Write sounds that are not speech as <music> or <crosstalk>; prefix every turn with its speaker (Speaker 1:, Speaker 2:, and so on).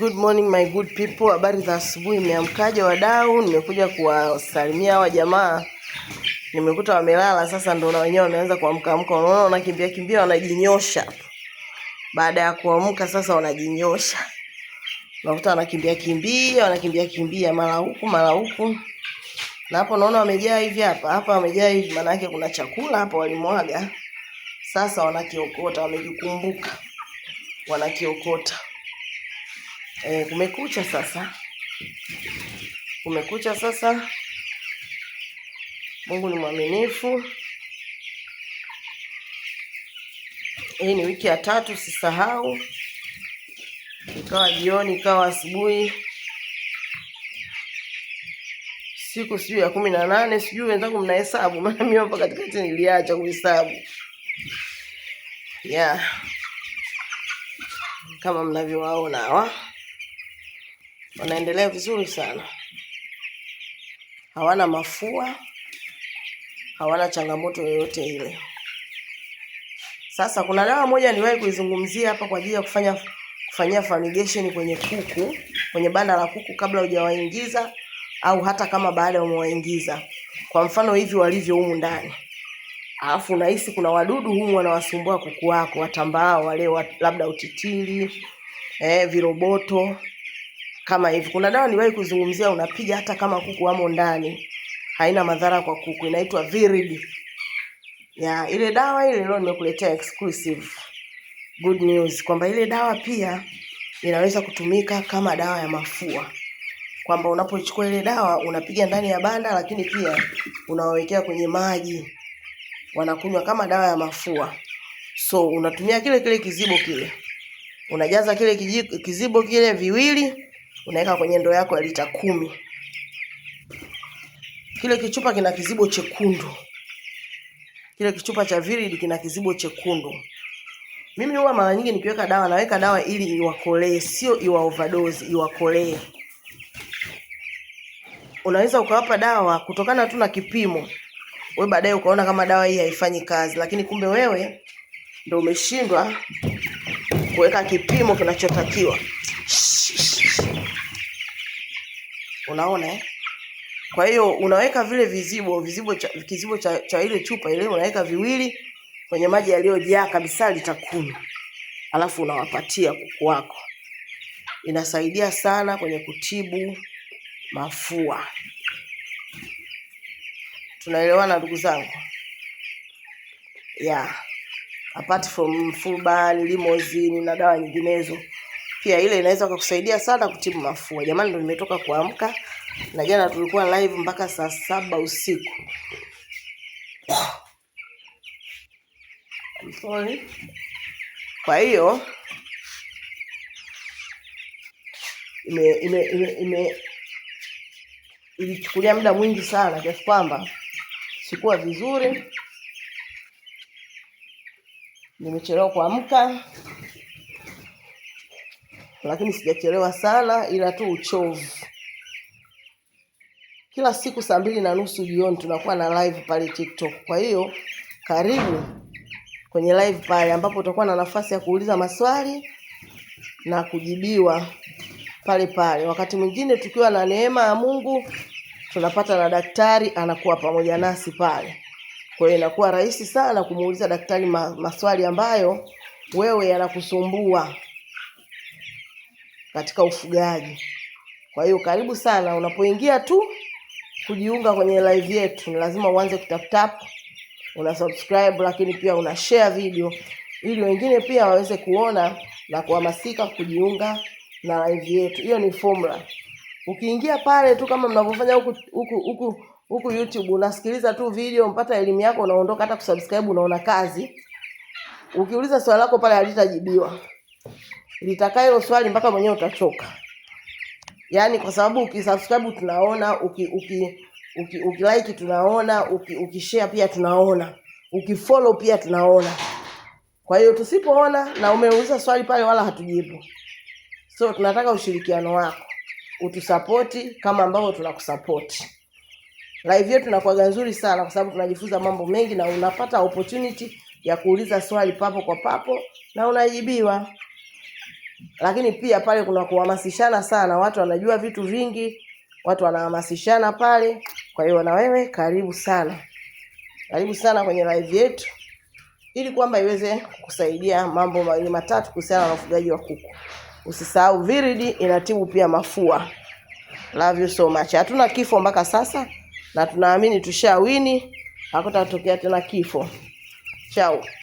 Speaker 1: Good morning my good people, habari za asubuhi. Nimeamkaje wadau? Nimekuja kuwasalimia hawa jamaa, nimekuta wamelala. Sasa ndio na wenyewe wameanza kuamka amka, unaona wanakimbia kimbia, wanajinyosha. Baada ya kuamka sasa wanajinyosha, unakuta wanakimbia kimbia, wanakimbia kimbia mara huku mara huku, na hapo naona wamejaa hivi hapa hapa, wamejaa hivi, maana yake kuna chakula hapa walimwaga. Sasa wanakiokota, wamejikumbuka, wanakiokota E, kumekucha sasa, kumekucha sasa. Mungu ni mwaminifu. Hii ni wiki ya tatu, sisahau, ikawa jioni, ikawa asubuhi, siku sijui ya kumi na nane, sijui wenzangu mnahesabu, <laughs> maana mimi hapa katikati niliacha kuhesabu yeah. Kama mnavyowaona hawa wanaendelea vizuri sana, hawana mafua, hawana changamoto yoyote ile. Sasa kuna dawa moja niwahi kuizungumzia hapa kwa ajili ya kufanya kufanyia fumigation kwenye kuku, kwenye banda la kuku kabla hujawaingiza au hata kama baada ya umewaingiza. Kwa mfano hivi walivyo humu ndani, alafu unahisi kuna wadudu humu wanawasumbua kuku wako, watambaao wale, labda utitili eh, viroboto kama hivi. Kuna dawa niwahi kuzungumzia, unapiga hata kama kuku wamo ndani, haina madhara kwa kuku, inaitwa Virid ya ile dawa ile. Leo nimekuletea exclusive good news kwamba ile dawa pia inaweza kutumika kama dawa ya mafua, kwamba unapochukua ile dawa unapiga ndani ya banda, lakini pia unawawekea kwenye maji, wanakunywa kama dawa ya mafua. So unatumia kile kile kizibo kile, unajaza kile kizibo kile viwili unaweka kwenye ndoo yako ya lita kumi. Kile kichupa kina kizibo chekundu, kile kichupa cha viridi kina kizibo chekundu. Mimi huwa mara nyingi nikiweka dawa naweka dawa ili iwakolee, sio iwa overdose, iwakolee. Unaweza ukawapa dawa kutokana tu na kipimo, we baadaye ukaona kama dawa hii haifanyi kazi, lakini kumbe wewe ndio umeshindwa kuweka kipimo kinachotakiwa. unaona eh? Kwa hiyo unaweka vile vizibo vizibo cha, kizibo cha, cha ile chupa ile unaweka viwili kwenye maji yaliyojaa kabisa lita kumi, alafu unawapatia kuku wako. Inasaidia sana kwenye kutibu mafua. Tunaelewana ndugu zangu? Yeah. Apart from Fulban, Limozini na dawa nyinginezo pia ile inaweza kukusaidia sana kutibu mafua. Jamani, ndo nimetoka kuamka na jana tulikuwa live mpaka saa saba usiku. I'm sorry. Kwa hiyo ime- ime- ime- ime- ilichukulia muda mwingi sana kiasi kwamba sikuwa vizuri, nimechelewa kuamka lakini sijachelewa sana, ila tu uchovu. Kila siku saa mbili na nusu jioni tunakuwa na live pale TikTok. Kwa hiyo karibu kwenye live pale, ambapo utakuwa na nafasi ya kuuliza maswali na kujibiwa pale pale. Wakati mwingine tukiwa na neema ya Mungu tunapata na daktari anakuwa pamoja nasi pale. Kwa hiyo inakuwa rahisi sana kumuuliza daktari maswali ambayo wewe yanakusumbua katika ufugaji. Kwa hiyo karibu sana, unapoingia tu kujiunga kwenye live yetu, ni lazima uanze kutaptap, una subscribe, lakini pia una share video ili wengine pia waweze kuona na kuhamasika kujiunga na live yetu. Hiyo ni formula. Ukiingia pale tu kama mnavyofanya huku huku huku huku YouTube, unasikiliza tu video mpata elimu yako, unaondoka. Hata kusubscribe unaona kazi. Ukiuliza swali lako pale halitajibiwa litakaa hilo swali mpaka mwenyewe utachoka, yaani kwa sababu ukisubscribe tunaona, uki, uki, uki, ukilike tunaona, uki, ukishare pia tunaona, ukifollow pia tunaona. Kwa hiyo tusipoona na umeuliza swali pale wala hatujibu, so tunataka ushirikiano wako utusapoti kama ambavyo tunakusapoti. Live yetu inakuwa nzuri sana kwa sababu tunajifunza mambo mengi na unapata opportunity ya kuuliza swali papo kwa papo na unajibiwa lakini pia pale kuna kuhamasishana sana, watu wanajua vitu vingi, watu wanahamasishana pale. Kwa hiyo na wewe karibu sana, karibu sana kwenye live yetu, ili kwamba iweze kusaidia mambo mawili matatu kuhusiana na ufugaji wa kuku. Usisahau viridi inatibu pia mafua. Love you so much. Hatuna kifo mpaka sasa na tunaamini tushawini, hakutatokea tena kifo chao.